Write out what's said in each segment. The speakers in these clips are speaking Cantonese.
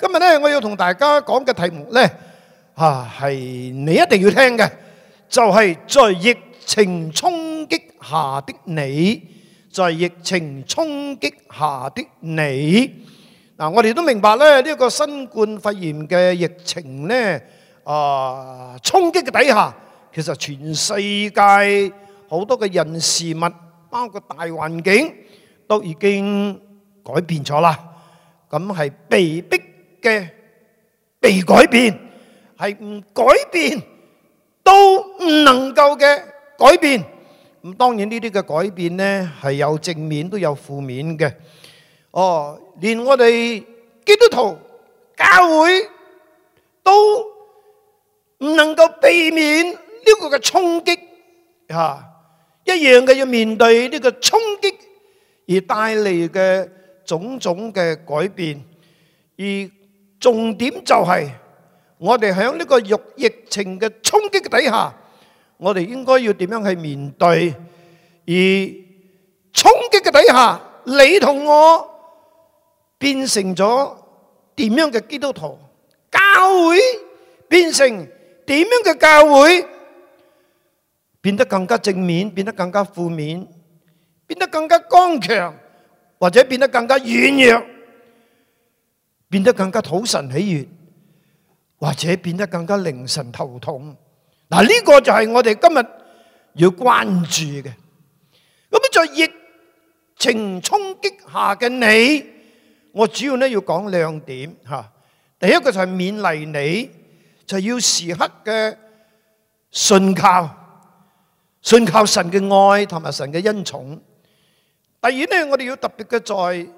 今日咧，我要同大家講嘅題目呢，啊，係你一定要聽嘅，就係在疫情衝擊下的你，在疫情衝擊下的你。嗱，我哋都明白咧，呢一個新冠肺炎嘅疫情呢，啊，衝擊嘅底下，其實全世界好多嘅人事物包括大環境都已經改變咗啦。咁係被逼。嘅被改變，係唔改變都唔能夠嘅改變。咁當然呢啲嘅改變呢，係有正面都有負面嘅。哦，連我哋基督徒教會都唔能夠避免呢個嘅衝擊啊！一樣嘅要面對呢個衝擊而帶嚟嘅種種嘅改變而。重點就係我哋喺呢個疫情嘅衝擊底下，我哋應該要點樣去面對？而衝擊嘅底下，你同我變成咗點樣嘅基督徒？教會變成點樣嘅教會？變得更加正面，變得更加負面，變得更加剛強，或者變得更加軟弱？變得更加討神喜悅，或者變得更加令神頭痛。嗱，呢個就係我哋今日要關注嘅。咁樣在疫情衝擊下嘅你，我主要咧要講兩點吓。第一個就係勉勵你，就要時刻嘅信靠，信靠神嘅愛同埋神嘅恩寵。第二咧，我哋要特別嘅在。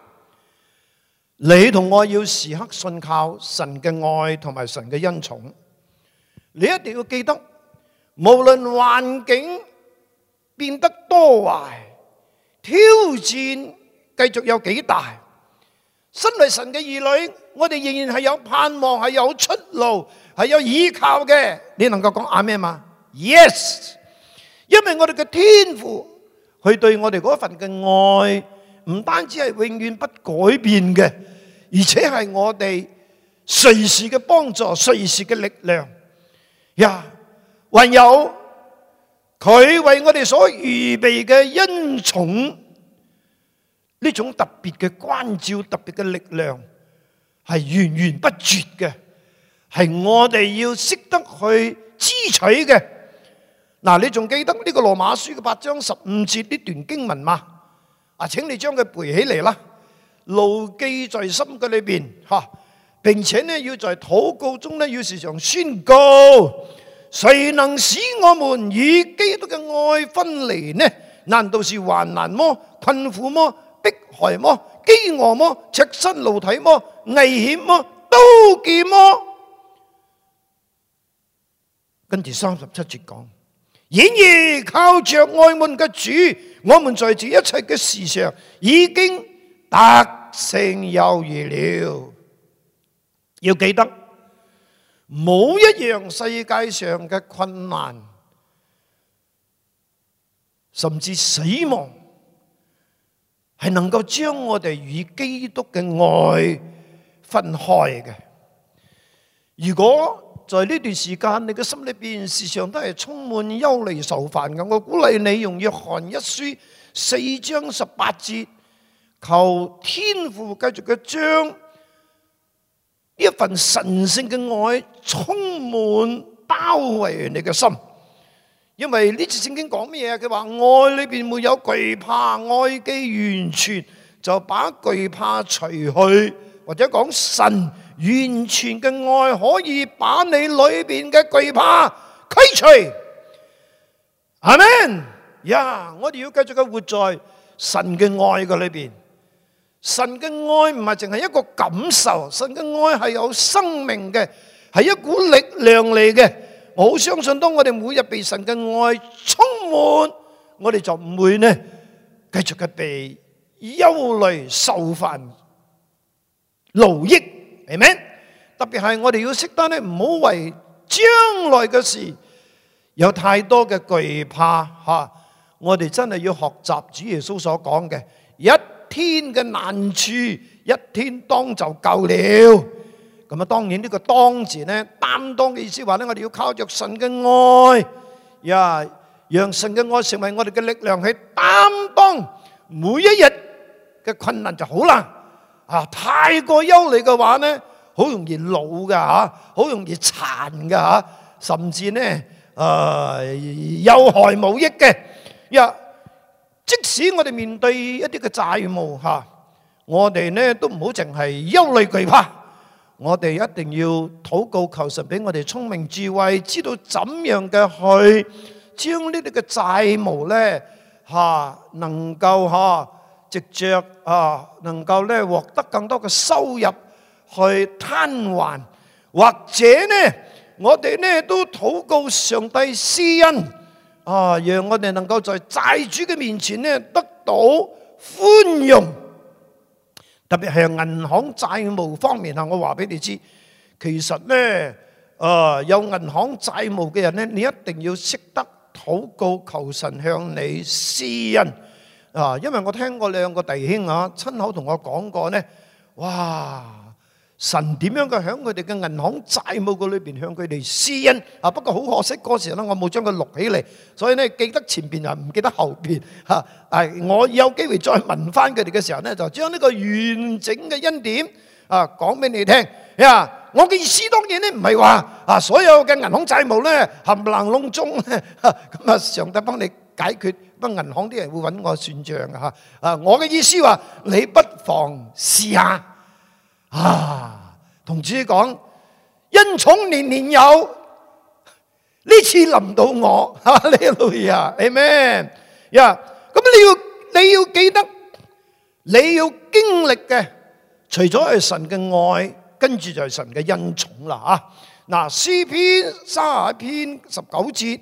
你同我要時刻信靠神嘅愛同埋神嘅恩寵。你一定要記得，無論環境變得多壞，挑戰繼續有幾大，身為神嘅兒女，我哋仍然係有盼望，係有出路，係有依靠嘅。你能夠講阿們嗎？Yes，因為我哋嘅天父，佢對我哋嗰份嘅愛，唔單止係永遠不改變嘅。而且係我哋隨時嘅幫助，隨時嘅力量 yeah，還有佢為我哋所預備嘅恩寵，這種特別嘅關照，特別嘅力量係源源不絕嘅，係我哋要識得去支取嘅。嗱，你仲記得呢個羅馬書嘅八章十五節呢段經文嗎？啊，請你將佢背起嚟啦。牢記在心嘅裏邊吓，並且呢要在禱告中呢要時常宣告：誰能使我們與基督嘅愛分離呢？難道是患難麼？困苦麼？迫害麼？饑餓麼？赤身露體麼？危險麼？刀劍麼？跟住三十七節講：然而靠着愛我們嘅主，我們在這一切嘅事上已經。得勝有餘了，要記得，冇一樣世界上嘅困難，甚至死亡，係能夠將我哋與基督嘅愛分開嘅。如果在呢段時間你嘅心裏邊時常都係充滿憂慮愁煩嘅，我鼓勵你用約翰一書四章十八節。求天父繼續嘅將呢一份神聖嘅愛充滿包圍你嘅心，因為呢次聖經講乜嘢？佢話愛裏邊沒有懼怕，愛嘅完全就把懼怕除去，或者講神完全嘅愛可以把你裏邊嘅懼怕驅除。係咪？呀，我哋要繼續嘅活在神嘅愛嘅裏邊。神嘅愛唔係淨係一個感受，神嘅愛係有生命嘅，係一股力量嚟嘅。我好相信，當我哋每日被神嘅愛充滿，我哋就唔會呢繼續嘅被憂慮、受煩、勞役，係咪？特別係我哋要識得呢，唔好為將來嘅事有太多嘅懼怕吓。我哋真係要學習主耶穌所講嘅一。天嘅難處，一天當就夠了。咁啊、這個，當然呢個當字呢，擔當嘅意思話呢，我哋要靠着神嘅愛，呀，讓神嘅愛成為我哋嘅力量去擔當每一日嘅困難就好啦。啊，太過憂慮嘅話呢，好容易老噶吓，好容易殘噶吓，甚至呢，誒有害無益嘅，呀。即使我哋面對一啲嘅債務吓，我哋呢都唔好淨係憂慮懼怕，我哋一定要禱告求神俾我哋聰明智慧，知道怎樣嘅去將呢啲嘅債務呢吓，能夠吓藉着，啊，能夠呢獲得更多嘅收入去攤還，或者呢，我哋呢都禱告上帝施恩。啊！讓我哋能夠在債主嘅面前呢，得到寬容。特別係銀行債務方面啊，我話俾你知，其實呢，誒有銀行債務嘅人呢，你一定要識得禱告求神向你施恩啊！因為我聽過兩個弟兄啊，親口同我講過呢，哇！神點樣嘅喺佢哋嘅銀行債務嘅裏邊向佢哋施恩啊？不過好可惜，嗰時咧我冇將佢錄起嚟，所以咧記得前邊又唔記得後邊吓。誒，我有機會再問翻佢哋嘅時候咧，就將呢個完整嘅恩典啊講俾你聽呀。我嘅意思當然咧唔係話啊所有嘅銀行債務咧冚唪唥中咧咁啊，上帝幫你解決，不過銀行啲人會揾我算賬㗎吓。啊，我嘅意思話，你不妨試下。啊，同志講恩寵年年有，呢次臨到我，呢類啊，係咩？呀，咁你要你要記得，你要經歷嘅，除咗係神嘅愛，跟住就係神嘅恩寵啦。啊，嗱，詩篇三十一篇十九節。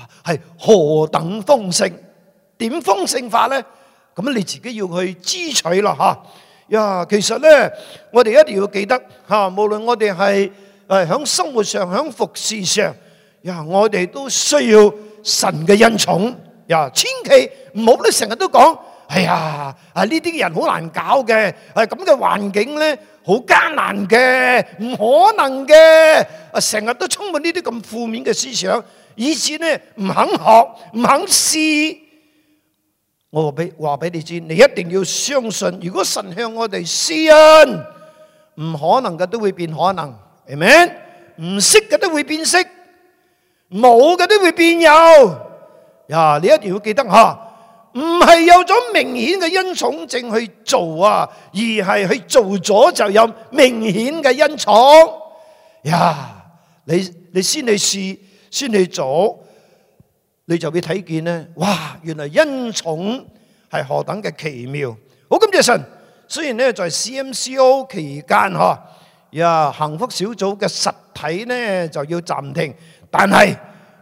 係何等豐盛？點豐盛法咧？咁你自己要去支取啦！吓呀，其實咧，我哋一定要記得吓，無論我哋係誒響生活上、響服侍上，呀，我哋都需要神嘅恩寵。呀，千祈唔好咧，成日都講，哎呀，啊呢啲人好難搞嘅，誒咁嘅環境咧，好艱難嘅，唔可能嘅，啊成日都充滿呢啲咁負面嘅思想。以前呢唔肯學唔肯試，我話俾話俾你知，你一定要相信。如果神向我哋施恩，唔可能嘅都會變可能，係咪？唔識嘅都會變識，冇嘅都會變有。呀，你一定要記得吓，唔係有咗明顯嘅恩寵正去做啊，而係去做咗就有明顯嘅恩寵。呀，你你先去試。先去做，你就會睇見咧。哇！原來恩寵係何等嘅奇妙。好，感謝神。雖然咧在 CMCO 期間，嗬，呀，幸福小組嘅實體咧就要暫停，但係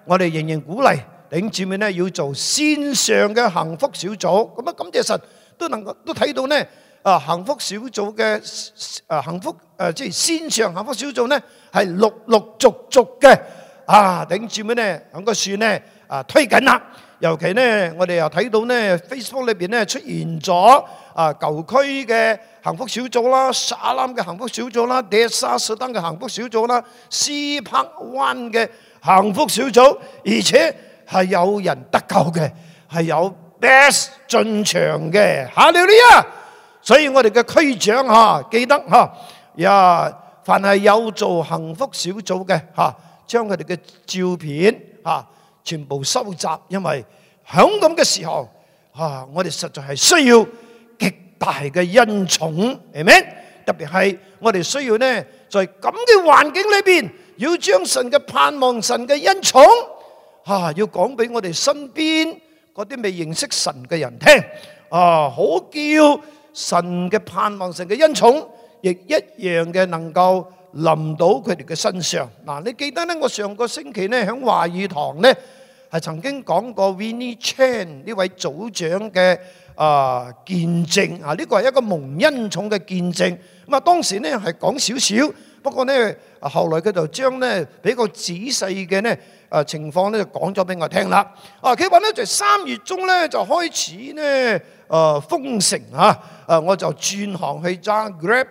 我哋仍然鼓勵頂住面咧，要做線上嘅幸福小組。咁啊，感謝神都能都睇到咧。啊，幸福小組嘅啊幸福，誒即係線上幸福小組咧，係陸陸續續嘅。啊，頂住咩咧？咁個事咧，啊，推緊啦！尤其咧，我哋又睇到咧，Facebook 裏邊咧出現咗啊，舊區嘅幸福小組啦，沙灘嘅幸福小組啦，迪沙士登嘅幸福小組啦，斯帕灣嘅幸福小組，而且係有人得救嘅，係有 best 進場嘅，下了呢啊！所以我哋嘅區長嚇，記得嚇呀，凡係有做幸福小組嘅嚇，將佢哋嘅照片啊，全部收集，因為響咁嘅時候啊，我哋實在係需要極大嘅恩寵，係咪？特別係我哋需要咧，在咁嘅環境裏邊，要將神嘅盼望、神嘅恩寵啊，要講俾我哋身邊嗰啲未認識神嘅人聽啊，好叫神嘅盼望、神嘅恩寵，亦一樣嘅能夠。臨到佢哋嘅身上，嗱，你記得咧？我上個星期咧喺華語堂咧，係曾經講過 Vinny Chan 呢位組長嘅啊見證啊，呢個係一個蒙恩寵嘅見證。咁啊，當時咧係講少少，不過咧啊，後來佢就將咧比較仔細嘅咧啊情況咧就講咗俾我聽啦。啊，佢話咧就三月中咧就開始咧啊封城嚇，啊我就轉行去揸 Grab。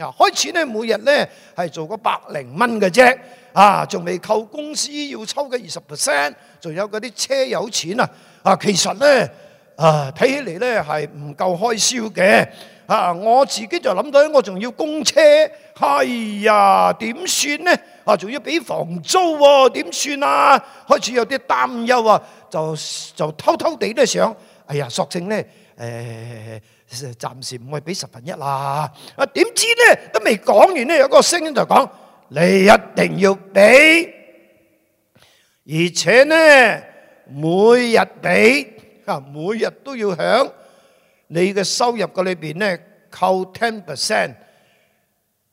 嗱，開始咧每日咧係做個百零蚊嘅啫，啊，仲未扣公司要抽嘅二十 percent，仲有嗰啲車油錢啊，啊，其實咧啊，睇起嚟咧係唔夠開銷嘅，啊，我自己就諗到我仲要供車，哎呀，點算咧？啊，仲要俾房租喎，啊，點算啊？開始有啲擔憂啊，就就偷偷地都想，哎呀，索性咧，誒、哎。暫時唔會俾十分一啦。啊，點知咧都未講完咧，有嗰個聲音就講：你一定要俾，而且咧每日俾，啊每日都要響你嘅收入嘅裏邊咧扣 ten percent，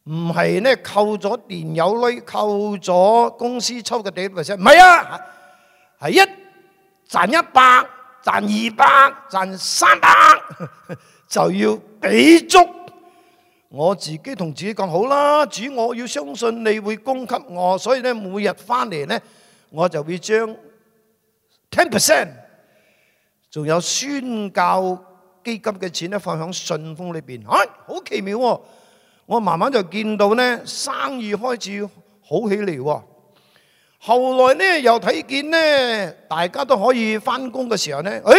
唔係咧扣咗電油率，扣咗公司抽嘅點 percent，唔係啊，係一賺一百，賺二百，賺三百。就要俾足，我自己同自己講好啦，主我要相信你會供給我，所以咧每日翻嚟咧，我就會將 ten percent 仲有宣教基金嘅錢咧放喺信封裏面。哎，好奇妙喎！我慢慢就見到咧生意開始好起嚟喎。後來咧又睇見咧大家都可以翻工嘅時候咧，哎。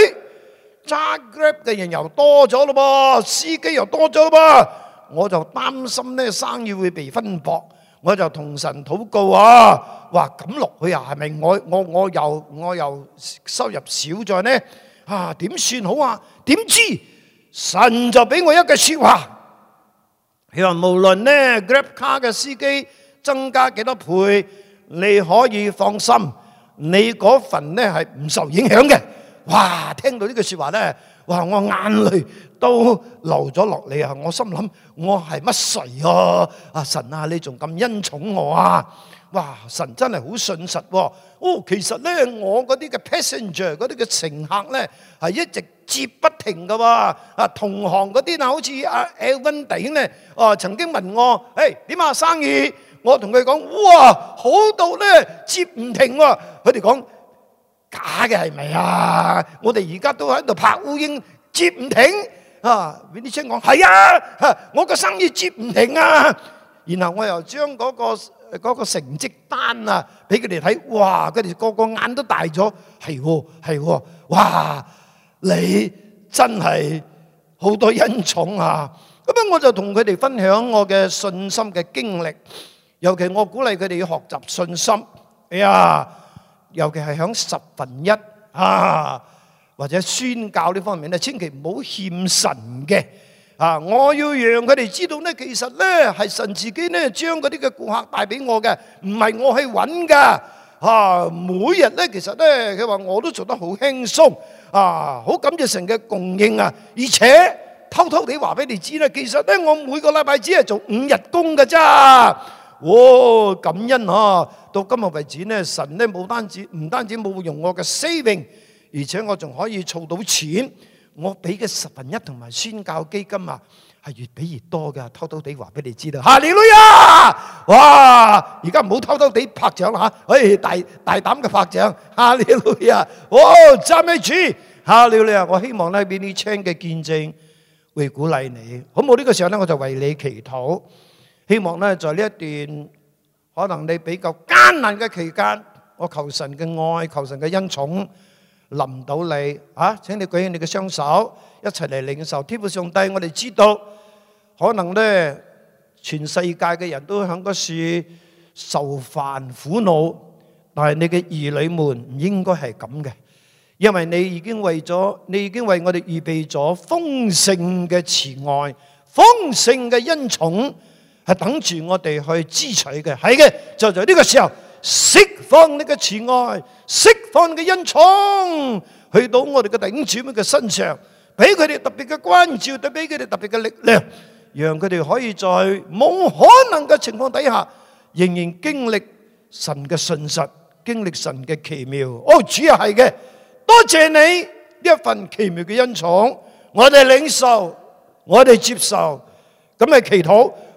揸 grab 嘅人又多咗咯噃，司機又多咗咯噃，我就擔心咧生意會被分薄，我就同神禱告啊，哇，咁落去啊，係咪我我我又我又收入少咗咧？啊，點算好啊？點知神就俾我一句說話，佢話無論咧 grab 卡嘅司機增加幾多倍，你可以放心，你嗰份咧係唔受影響嘅。哇！聽到這句話呢句説話咧，哇！我眼淚都流咗落嚟啊！我心諗我係乜誰啊？啊神啊！你仲咁恩寵我啊！哇！神真係好信實喎、哦！哦，其實咧，我嗰啲嘅 passenger 嗰啲嘅乘客咧，係一直接不停㗎喎。啊，同行嗰啲啊，好似阿 Elvendi 咧，啊、呃、曾經問我，誒點啊生意？我同佢講，哇，好到咧接唔停喎、哦！佢哋講。假嘅係咪啊？我哋而家都喺度拍烏蠅接唔停啊！俾啲親講係啊，我個生意接唔停啊！然後我又將嗰個嗰個成績單啊俾佢哋睇，哇！佢哋個個眼都大咗，係喎係喎，哇！你真係好多恩寵啊！咁樣我就同佢哋分享我嘅信心嘅經歷，尤其我鼓勵佢哋要學習信心。哎呀！尤其係響十分一啊，或者宣教呢方面咧，千祈唔好欠神嘅啊！我要讓佢哋知道咧，其實咧係神自己咧將嗰啲嘅顧客帶俾我嘅，唔係我去揾㗎。啊，每日咧其實咧，佢話我都做得好輕鬆啊，好感謝神嘅供應啊。而且偷偷地話俾你知咧，其實咧我每個禮拜只係做五日工㗎咋。哇！感恩啊！到今日為止咧，神咧冇單止唔單止冇用我嘅 saving，而且我仲可以儲到錢。我俾嘅十分一同埋宣教基金啊，係越俾越多噶。偷偷地話俾你知道，哈利路亞，哇！而家唔好偷偷地拍掌吓，誒，大大膽嘅拍掌，哈利路亞，哇！讚美主，哈利路亞，我希望咧俾你聽嘅見證會鼓勵你。好冇？呢個時候咧，我就為你祈禱。希望咧，在呢一段可能你比較艱難嘅期間，我求神嘅愛，求神嘅恩寵臨到你啊！請你舉起你嘅雙手，一齊嚟領受。天父上帝，我哋知道，可能咧全世界嘅人都喺嗰處受煩苦惱，但係你嘅兒女們唔應該係咁嘅，因為你已經為咗你已經為我哋預備咗豐盛嘅慈愛，豐盛嘅恩寵。係等住我哋去支取嘅，係嘅，就在呢個時候釋放呢個慈愛，釋放嘅恩寵去到我哋嘅頂住咁嘅身上，俾佢哋特別嘅關照，都俾佢哋特別嘅力量，讓佢哋可以在冇可能嘅情況底下，仍然經歷神嘅信實，經歷神嘅奇妙。哦，主要係嘅，多謝你呢一份奇妙嘅恩寵，我哋領受，我哋接受，咁係祈禱。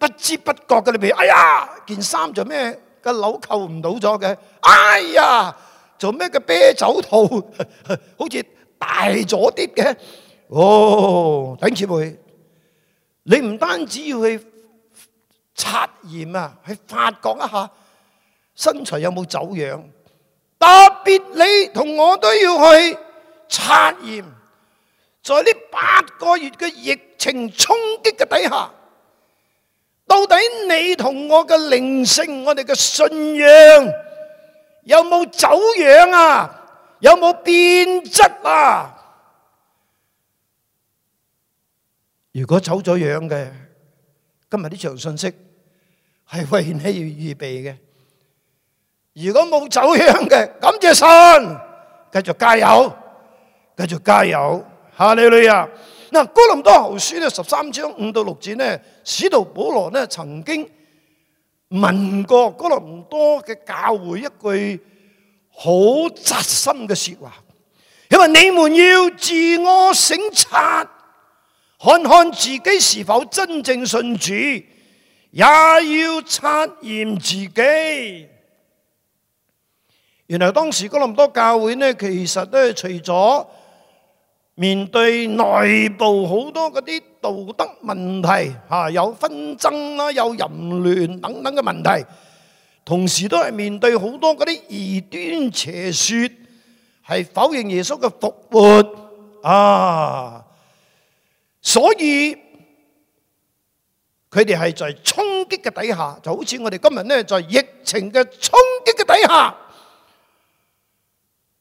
不知不覺嘅裏邊，哎呀，件衫做咩個紐扣唔到咗嘅？哎呀，做咩個啤酒肚好似大咗啲嘅？哦，頂住佢！你唔單止要去察驗啊，去發覺一下身材有冇走樣。特別你同我都要去察驗，在呢八個月嘅疫情衝擊嘅底下。到底你同我嘅靈性，我哋嘅信仰有冇走樣啊？有冇變質啊？如果走咗樣嘅，今日呢場信息係為你預備嘅。如果冇走樣嘅，感謝神，繼續加油，繼續加油，哈利路亞！嗱，哥林多後書呢十三章五到六節呢，使徒保羅呢曾經問過哥林多嘅教會一句好扎心嘅説話，因為你們要自我省察，看看自己是否真正信主，也要察驗自己。原來當時哥林多教會呢，其實呢除咗面對內部好多嗰啲道德問題，嚇有紛爭啦，有淫亂等等嘅問題，同時都係面對好多嗰啲異端邪說，係否認耶穌嘅復活啊！所以佢哋係在衝擊嘅底下，就好似我哋今日呢，在疫情嘅衝擊嘅底下。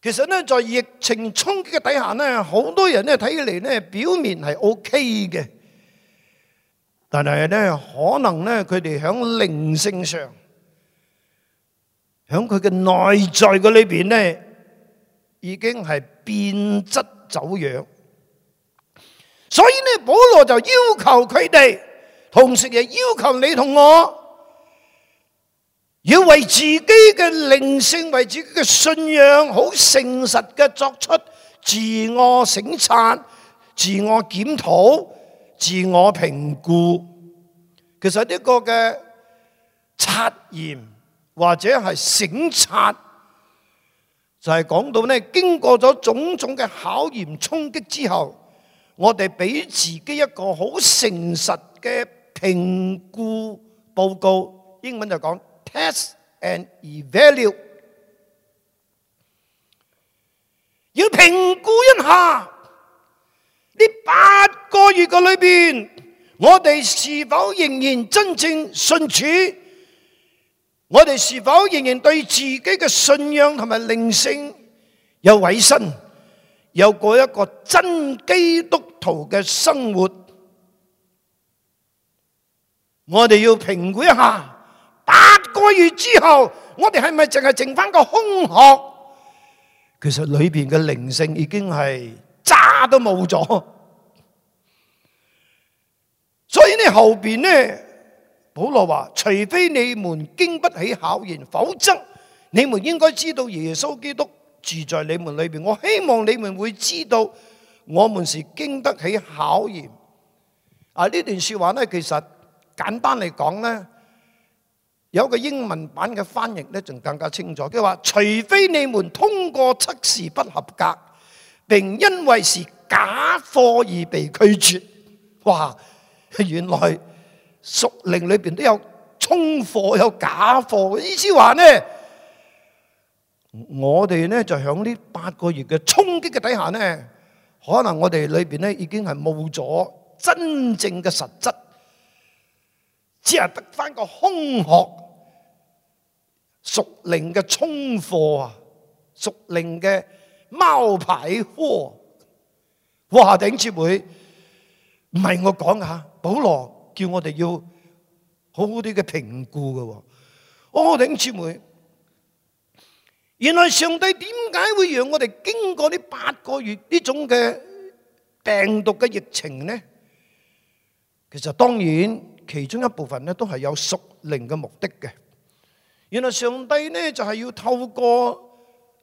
其實呢，在疫情衝擊嘅底下呢好多人呢睇起嚟呢表面係 O K 嘅，但係呢可能呢佢哋響靈性上，響佢嘅內在嗰裏面呢已經係變質走樣。所以呢，保羅就要求佢哋，同時亦要求你同我。要為自己嘅靈性、為自己嘅信仰，好誠實嘅作出自我省察、自我檢討、自我評估。其實呢個嘅測驗或者係省察，就係講到咧，經過咗種種嘅考驗衝擊之後，我哋俾自己一個好誠實嘅評估報告。英文就講。Test and evaluate，要評估一下呢八個月嘅裏邊，我哋是否仍然真正信主？我哋是否仍然對自己嘅信仰同埋靈性有委身，有過一個真基督徒嘅生活？我哋要評估一下。一個月之後，我哋係咪淨係剩翻個空殼？其實裏邊嘅靈性已經係渣都冇咗。所以呢後邊呢，保羅話：除非你們經不起考驗，否則你們應該知道耶穌基督住在你們裏邊。我希望你們會知道，我們是經得起考驗。啊！呢段說話呢，其實簡單嚟講呢。有個英文版嘅翻譯咧，仲更加清楚，佢話，除非你們通過測試不合格，並因為是假貨而被拒絕，哇！原來熟齡裏邊都有充貨、有假貨，意思話呢，我哋呢就響呢八個月嘅衝擊嘅底下呢，可能我哋裏邊呢已經係冇咗真正嘅實質。只係得翻個空殼，屬靈嘅冲貨啊，屬靈嘅貓牌貨。哇！頂姊妹，唔係我講下，保羅叫我哋要好好啲嘅評估噶。哇！頂姊妹，原來上帝點解會讓我哋經過呢八個月呢種嘅病毒嘅疫情呢？其實當然。其中一部分咧，都係有屬靈嘅目的嘅。原來上帝呢，就係要透過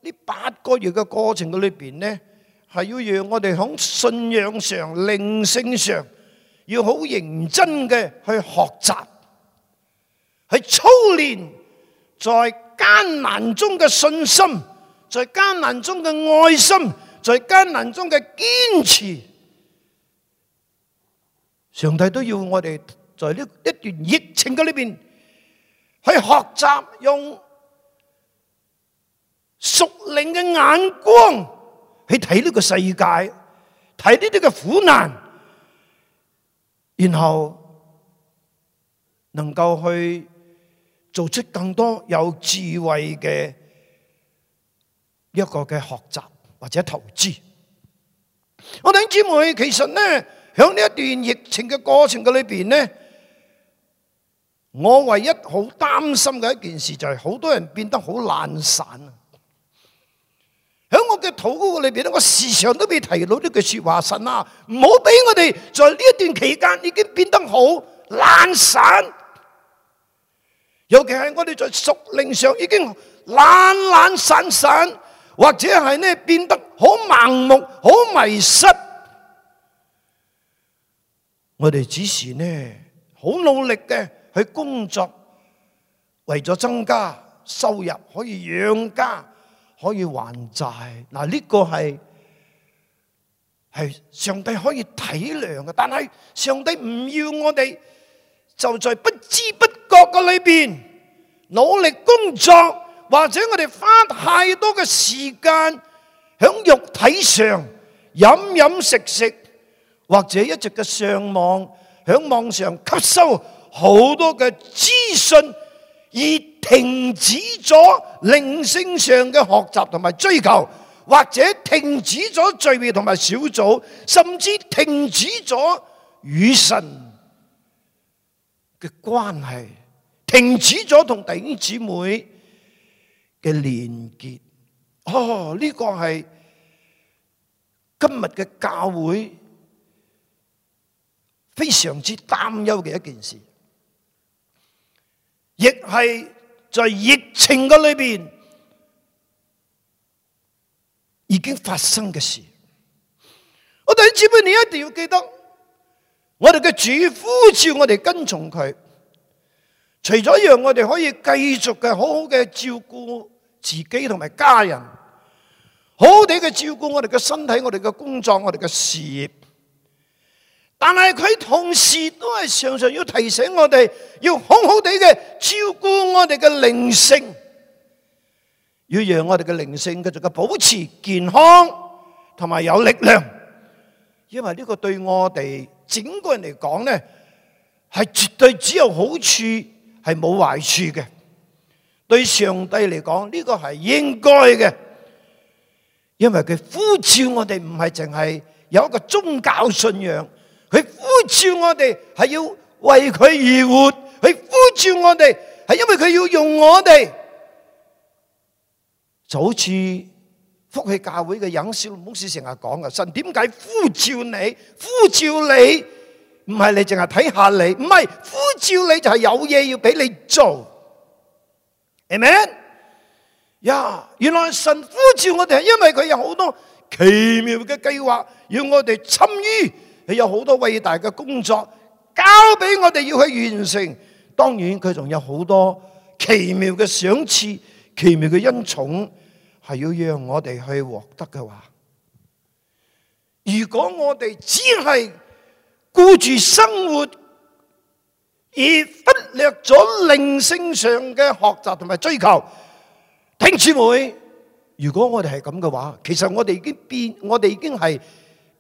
呢八個月嘅過程嘅裏邊呢，係要讓我哋響信仰上、靈性上，要好認真嘅去學習，去操練，在艱難中嘅信心，在艱難中嘅愛心，在艱難中嘅堅持，上帝都要我哋。在呢一段疫情嘅裏邊，去學習用熟練嘅眼光去睇呢個世界，睇呢啲嘅苦難，然後能夠去做出更多有智慧嘅一個嘅學習或者投資。我哋姐妹其實呢，響呢一段疫情嘅過程嘅裏邊呢。我唯一好擔心嘅一件事就係好多人變得好懶散啊！喺我嘅禱告裏邊咧，我時常都未提到呢句説話：神啊，唔好俾我哋在呢一段期間已經變得好懶散。尤其係我哋在屬靈上已經懶懶散散，或者係呢變得好盲目、好迷失。我哋只是呢好努力嘅。佢工作為咗增加收入，可以養家，可以還債。嗱，呢個係係上帝可以體諒嘅，但係上帝唔要我哋就在不知不覺嘅裏邊努力工作，或者我哋花太多嘅時間喺肉體上飲飲食食，或者一直嘅上網喺網上吸收好多嘅資訊而停止咗靈性上嘅學習同埋追求，或者停止咗聚會同埋小組，甚至停止咗與神嘅關係，停止咗同弟兄姊妹嘅連結。哦，呢個係今日嘅教會非常之擔憂嘅一件事。亦係在疫情嘅裏邊，已經發生嘅事。我哋姊妹，你一定要記得，我哋嘅主呼召我哋跟從佢，除咗讓我哋可以繼續嘅好好嘅照顧自己同埋家人，好好地嘅照顧我哋嘅身體、我哋嘅工作、我哋嘅事業。但係佢同時都係常常要提醒我哋，要好好地嘅照顧我哋嘅靈性，要讓我哋嘅靈性繼續嘅保持健康同埋有力量。因為呢個對我哋整個人嚟講咧，係絕對只有好處，係冇壞處嘅。對上帝嚟講，呢個係應該嘅，因為佢呼召我哋唔係淨係有一個宗教信仰。佢呼召我哋係要為佢而活，佢呼召我哋係因為佢要用我哋。就好似福氣教會嘅引少老師成日講嘅，神點解呼召你？呼召你唔係你淨係睇下你，唔係呼召你就係有嘢要俾你做。阿們呀，原來神呼召我哋係因為佢有好多奇妙嘅計劃要我哋參與。佢有好多偉大嘅工作交俾我哋要去完成，當然佢仲有好多奇妙嘅賞賜、奇妙嘅恩寵，係要讓我哋去獲得嘅話。如果我哋只係顧住生活而忽略咗靈性上嘅學習同埋追求，弟兄們，如果我哋係咁嘅話，其實我哋已經變，我哋已經係。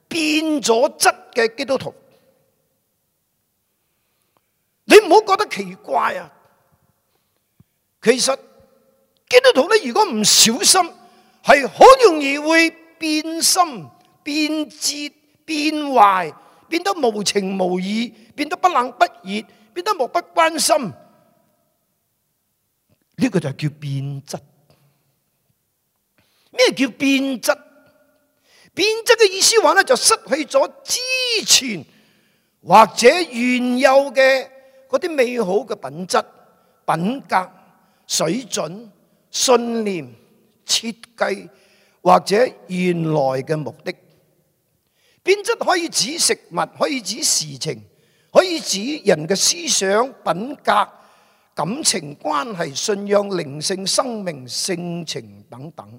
變咗質嘅基督徒，你唔好覺得奇怪啊！其實基督徒咧，如果唔小心，係好容易會變心、變節、變壞，變得無情無義，變得不冷不熱，變得漠不關心。呢個就係叫變質。咩叫變質？變質嘅意思話呢，就失去咗之前或者原有嘅嗰啲美好嘅品質、品格、水準、信念、設計，或者原來嘅目的。變質可以指食物，可以指事情，可以指人嘅思想、品格、感情、關係、信仰、靈性、生命、性情等等。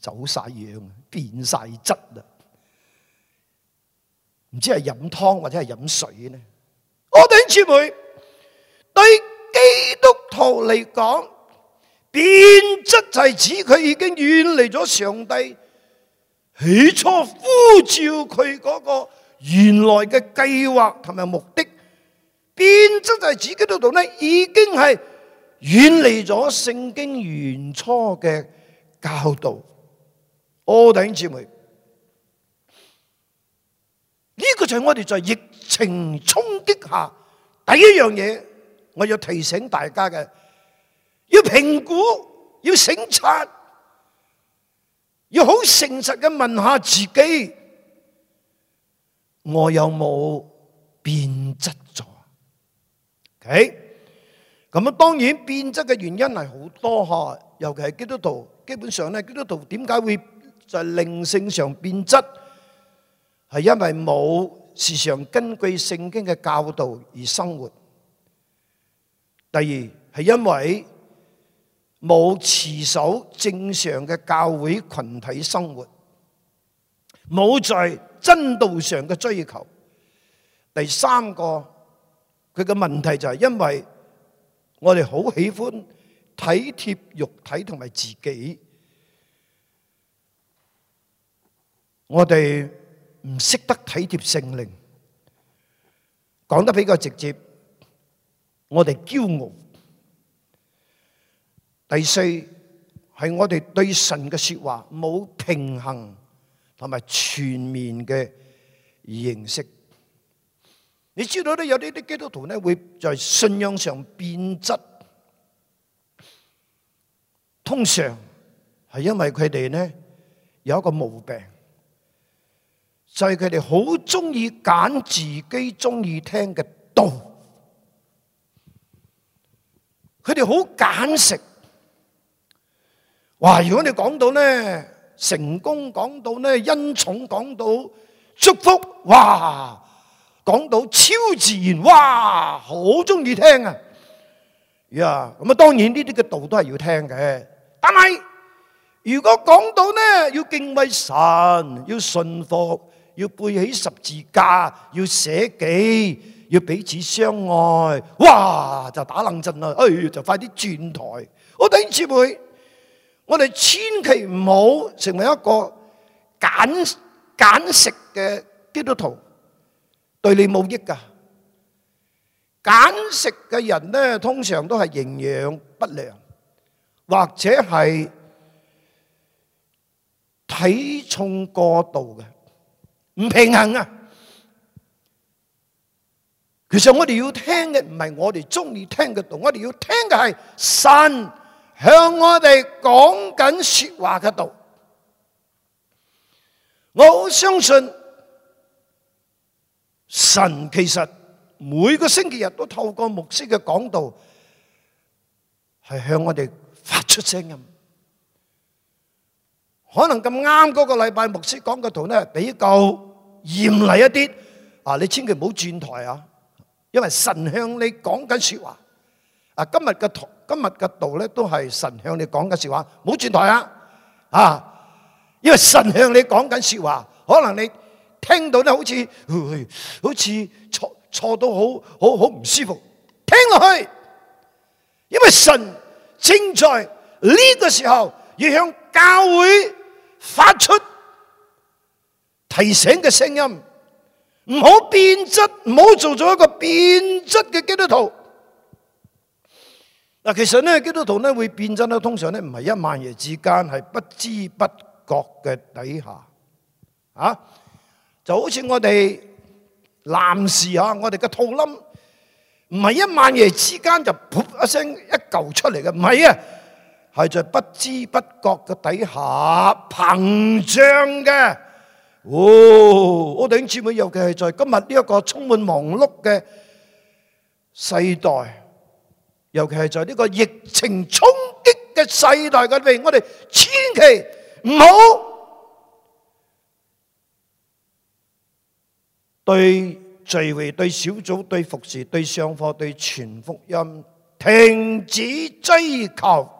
走晒樣，變晒質啦！唔知係飲湯或者係飲水呢？我哋姊妹對基督徒嚟講，變質就係指佢已經遠離咗上帝起初呼召佢嗰個原來嘅計劃同埋目的。變質就係指基督徒呢已經係遠離咗聖經原初嘅教導。我、哦、弟兄姊妹，呢、這個就我哋在疫情衝擊下的第一樣嘢，我要提醒大家嘅，要評估，要省察，要好誠實嘅問下自己，我有冇變質咗？OK，咁啊，當然變質嘅原因係好多吓，尤其係基督徒，基本上咧，基督徒點解會？就係靈性上變質，係因為冇時常根據聖經嘅教導而生活。第二係因為冇持守正常嘅教會群體生活，冇在真道上嘅追求。第三個佢嘅問題就係因為我哋好喜歡體貼肉體同埋自己。我哋唔識得體貼聖靈，講得比較直接。我哋驕傲。第四係我哋對神嘅說話冇平衡同埋全面嘅認識。你知道咧，有啲啲基督徒咧會在信仰上變質，通常係因為佢哋咧有一個毛病。就係佢哋好中意揀自己中意聽嘅道，佢哋好揀食。哇！如果你講到咧成功，講到咧恩寵，講到祝福，哇！講到超自然，哇！好中意聽啊！呀咁啊！當然呢啲嘅道都係要聽嘅，但係如果講到咧要敬畏神，要順服。要背起十字架，要捨己，要彼此相愛。哇！就打冷震啦，哎！就快啲轉台。我頂住佢，我哋千祈唔好成為一個揀揀食嘅基督徒，對你冇益㗎。揀食嘅人咧，通常都係營養不良，或者係體重過度嘅。唔平衡啊！其實我哋要聽嘅唔係我哋中意聽嘅道，我哋要聽嘅係神向我哋講緊說話嘅道。我好相信神其實每個星期日都透過牧師嘅講道係向我哋發出聲音。可能咁啱嗰個禮拜牧師講嘅道呢，比較。嚴厲一啲啊！你千祈唔好轉台啊，因為神向你講緊說話啊。今日嘅台，今日嘅道咧，都係神向你講緊說話，唔好轉台啊！啊，因為神向你講緊說話，可能你聽到咧，好似好似錯錯到好好好唔舒服，聽落去，因為神正在呢個時候要向教會發出提醒嘅聲音，唔好變質，唔好做咗一個變質嘅基督徒。嗱，其實咧，基督徒咧會變質咧，通常咧唔係一萬夜之間，係不知不覺嘅底下，啊，就好似我哋男士啊，我哋嘅肚腩，唔係一萬夜之間就噗一聲一嚿出嚟嘅，唔係啊，係在不知不覺嘅底下膨脹嘅。哦，我哋姊妹，尤其係在今日呢一個充滿忙碌嘅世代，尤其係在呢個疫情衝擊嘅世代嘅裏邊，我哋千祈唔好對聚會、對小組、對服侍、對上課、對傳福音停止追求，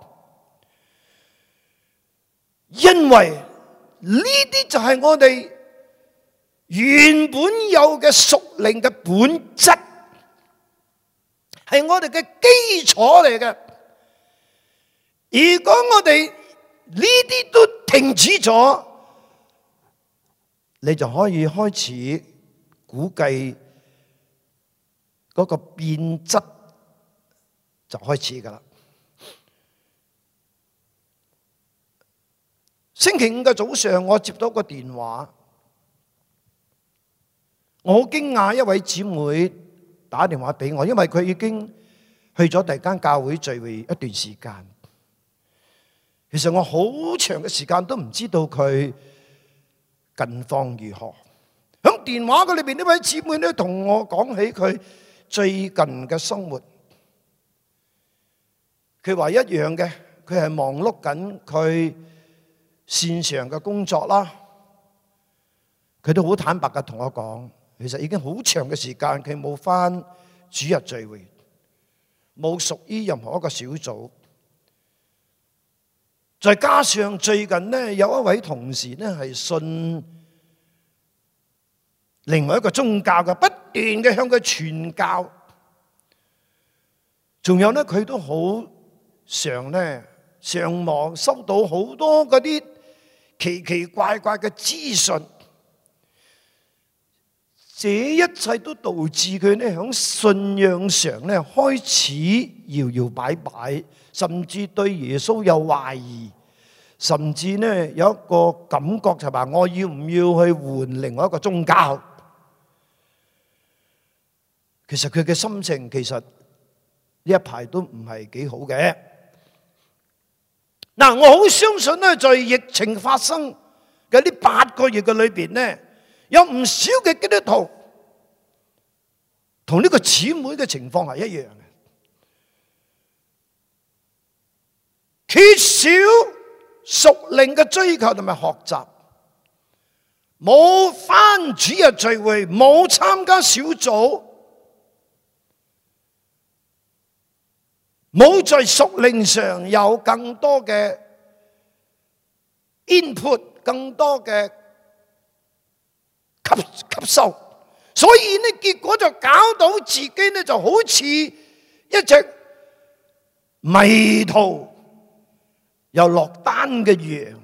因為呢啲就係我哋。原本有嘅屬靈嘅本質係我哋嘅基礎嚟嘅。如果我哋呢啲都停止咗，你就可以開始估計嗰個變質就開始㗎喇。星期五嘅早上，我接到個電話。我好驚訝，一位姊妹打電話俾我,因為佢已經去咗第二間教會聚會一段時間。其實我好長嘅時間都唔知道佢近況如何。響電話嘅裏邊，呢位姊妹呢同我講起佢最近嘅生活。佢話一樣嘅，佢係忙碌緊佢擅長嘅工作啦。佢都好坦白嘅同我講。其實已經好長嘅時間，佢冇返主日聚會，冇屬於任何一個小組。再加上最近呢，有一位同事呢係信另外一個宗教嘅，不斷嘅向佢傳教。仲有呢，佢都好常呢上網收到好多嗰啲奇奇怪怪嘅資訊。這一切都導致佢咧喺信仰上咧開始搖搖擺擺，甚至對耶穌有懷疑，甚至咧有一個感覺就話我要唔要去換另外一個宗教？其實佢嘅心情其實呢一排都唔係幾好嘅。嗱，我好相信咧，在疫情發生嘅呢八個月嘅裏邊咧。有唔少嘅基督徒同呢個姊妹嘅情況係一樣嘅，缺少屬靈嘅追求同埋學習，冇返主嘅聚會，冇參加小組，冇在屬靈上有更多嘅 input，更多嘅。吸吸收，所以呢，結果就搞到自己呢就好似一隻迷途又落單嘅羊，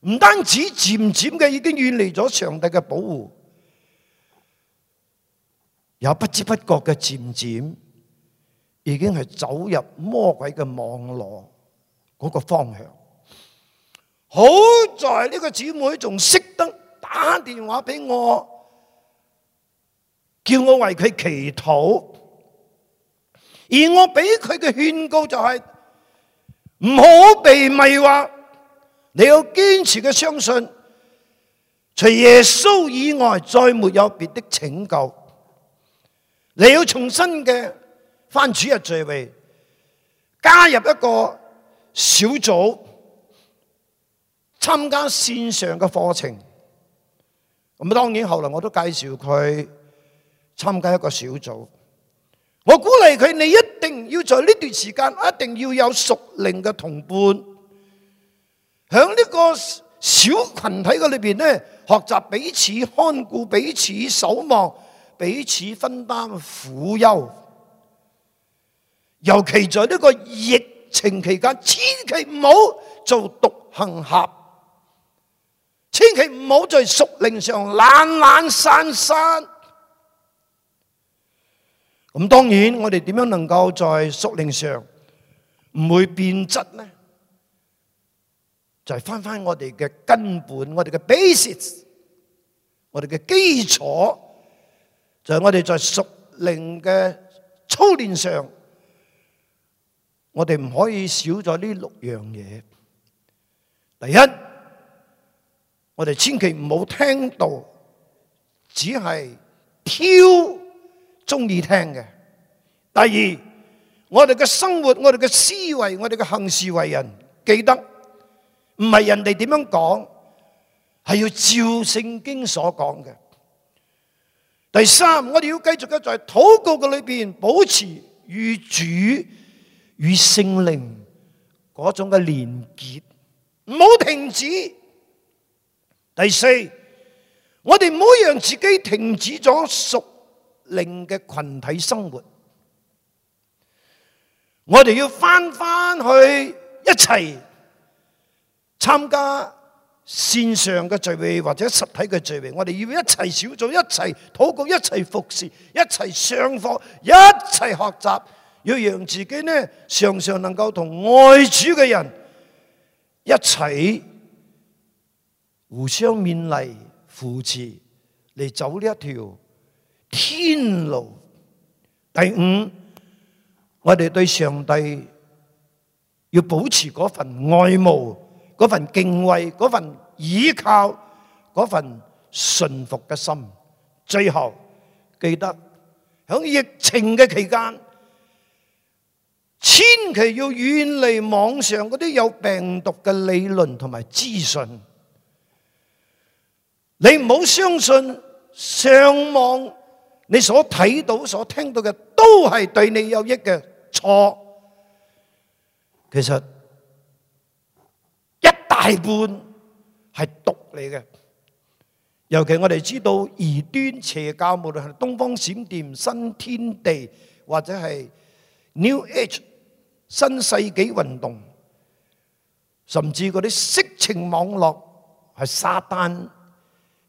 唔單止漸漸嘅已經遠離咗上帝嘅保護，有不知不覺嘅漸漸已經係走入魔鬼嘅網絡嗰個方向。好在呢個姊妹仲識得。打電話俾我，叫我為佢祈禱。而我俾佢嘅勸告就係唔好被迷惑，你要堅持嘅相信，除耶穌以外，再沒有別的拯救。你要重新嘅返主日聚會，加入一個小組，參加線上嘅課程。咁當然後來我都介紹佢參加一個小組。我鼓勵佢，你一定要在呢段時間，一定要有熟齡嘅同伴，喺呢個小群體嘅裏面咧，學習彼此看顧、彼此守望、彼此分擔苦憂。尤其在呢個疫情期間，千祈唔好做獨行俠。千祈唔好在屬靈上懶懶散散。咁當然，我哋點樣能夠在屬靈上唔會變質呢？就係返返我哋嘅根本，我哋嘅 basis，我哋嘅基礎。就係我哋在屬靈嘅操練上，我哋唔可以少咗呢六樣嘢。第一。我哋千祈唔好聽到，只係挑中意聽嘅。第二，我哋嘅生活、我哋嘅思維、我哋嘅行事為人，記得唔係人哋點樣講，係要照聖經所講嘅。第三，我哋要繼續嘅在禱告嘅裏邊保持與主與聖靈嗰種嘅連結，唔好停止。第四，我哋唔好讓自己停止咗屬靈嘅群體生活，我哋要翻翻去一齊參加線上嘅聚會或者實體嘅聚會，我哋要一齊小組、一齊禱告、一齊服侍，一齊上課、一齊學習，要讓自己呢常常能夠同愛主嘅人一齊。互相勉勵、扶持嚟走呢一條天路。第五，我哋對上帝要保持嗰份愛慕、嗰份敬畏、嗰份依靠、嗰份信服嘅心。最後記得喺疫情嘅期間，千祈要遠離網上嗰啲有病毒嘅理論同埋資訊。你唔好相信上網，你所睇到、所聽到嘅都係對你有益嘅，錯。其實一大半係毒嚟嘅，尤其我哋知道異端邪教，無論係東方閃電、新天地，或者係 New Age，新世紀運動，甚至嗰啲色情網絡係撒旦。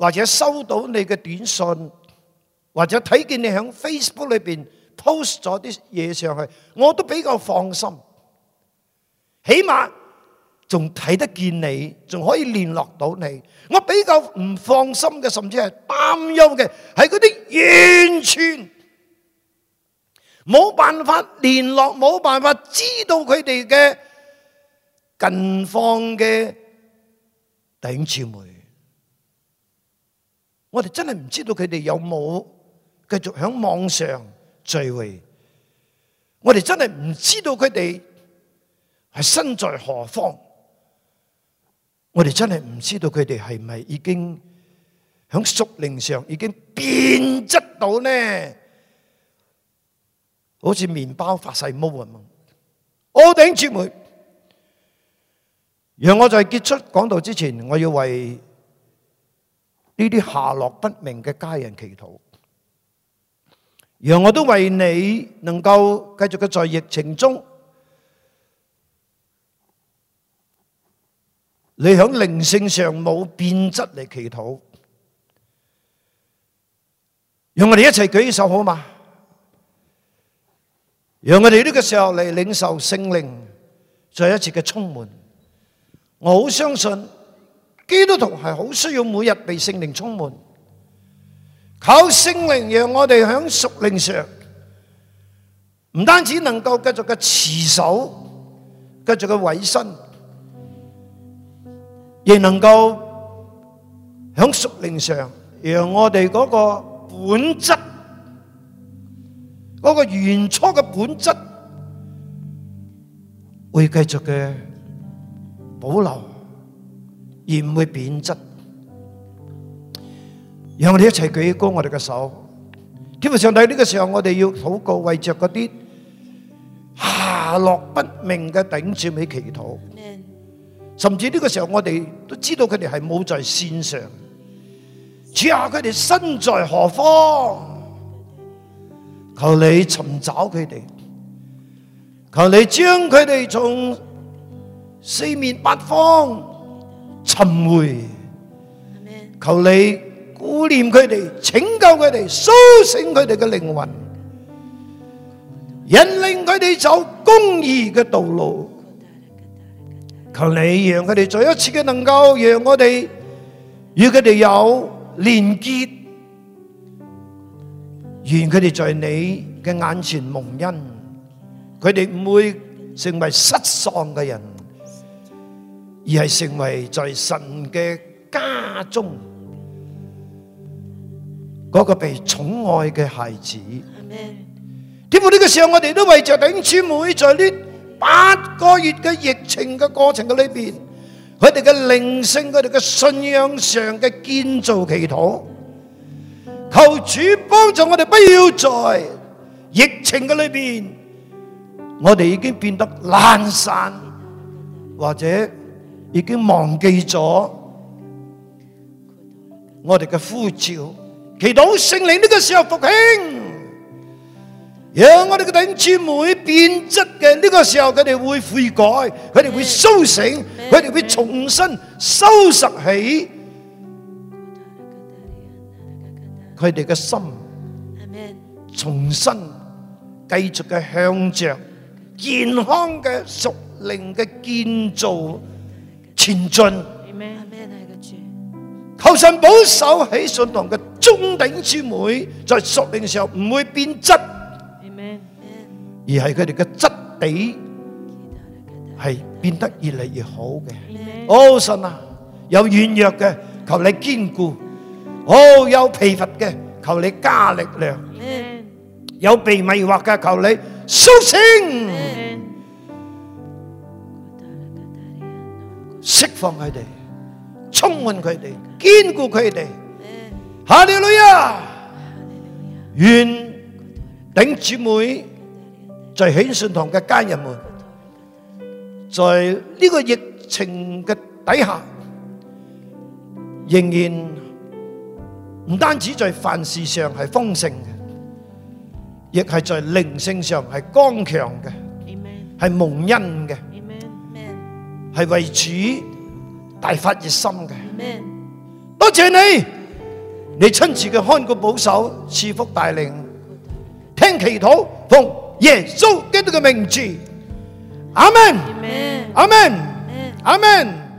或者收到你嘅短信，或者睇見你喺 Facebook 裏邊 post 咗啲嘢上去，我都比較放心。起碼仲睇得見你，仲可以聯絡到你。我比較唔放心嘅，甚至係擔憂嘅，係嗰啲完全冇辦法聯絡，冇辦法知道佢哋嘅近況嘅頂傳媒。我哋真係唔知道佢哋有冇繼續響網上聚會，我哋真係唔知道佢哋係身在何方，我哋真係唔知道佢哋係咪已經響屬靈上已經變質到咧，好似麵包發晒毛咁啊！我頂住梅，讓我在結束講道之前，我要為。呢啲下落不明嘅家人祈禱，讓我都為你能夠繼續嘅在疫情中，你響靈性上冇變質嚟祈禱，讓我哋一齊舉手好嗎？讓我哋呢個時候嚟領受聖靈再一次嘅充滿，我好相信。基督徒係好需要每日被聖靈充滿，靠聖靈讓我哋喺屬靈上，唔單止能夠繼續嘅持守，繼續嘅委身，亦能夠喺屬靈上，讓我哋嗰個本質，嗰個原初嘅本質，會繼續嘅保留。而唔會貶值，讓我哋一齊舉高我哋嘅手。基本上，呢個時候我哋要禱告，為着嗰啲下落不明嘅頂住，起祈禱。甚至呢個時候，我哋都知道佢哋係冇在線上，只下佢哋身在何方？求你尋找佢哋，求你將佢哋從四面八方。尋回，求你顧念佢哋，拯救佢哋，蘇醒佢哋嘅靈魂，引領佢哋走公義嘅道路。求你讓佢哋再一次嘅能夠，讓我哋與佢哋有連結，願佢哋在你嘅眼前蒙恩，佢哋唔會成為失喪嘅人。而係成為在神嘅家中嗰個被寵愛嘅孩子。天父呢個時候，我哋都為着頂住，每在呢八個月嘅疫情嘅過程嘅裏邊，佢哋嘅靈性、佢哋嘅信仰上嘅建造祈禱，求主幫助我哋，不要在疫情嘅裏邊，我哋已經變得懶散或者。已經忘記咗我哋嘅呼召，祈禱聖靈呢個時候復興，讓我哋嘅頂柱唔會變質嘅。呢個時候佢哋會悔改，佢哋會蘇醒，佢哋會重新收拾起佢哋嘅心，重新繼續嘅向着健康嘅、屬靈嘅建造。前進，阿咩係個主，求神保守喺信堂嘅中頂之妹，在鎖定嘅時候唔會變質，而係佢哋嘅質地係變得越嚟越好嘅。好，神啊，有軟弱嘅，求你堅固；好，有疲乏嘅，求你加力量；有被迷惑嘅，求你蘇醒。釋放佢哋，充滿佢哋，堅固佢哋。哈利路亞，願弟兄姊妹在喜信堂嘅家人們，在呢個疫情嘅底下，仍然唔單止在凡事上係豐盛嘅，亦係在靈性上係剛強嘅，係蒙恩嘅。係為主大發熱心嘅，多謝你，你親自嘅看顧保守賜福帶領，聽祈禱奉耶穌基督嘅名字，阿門，阿門，阿門。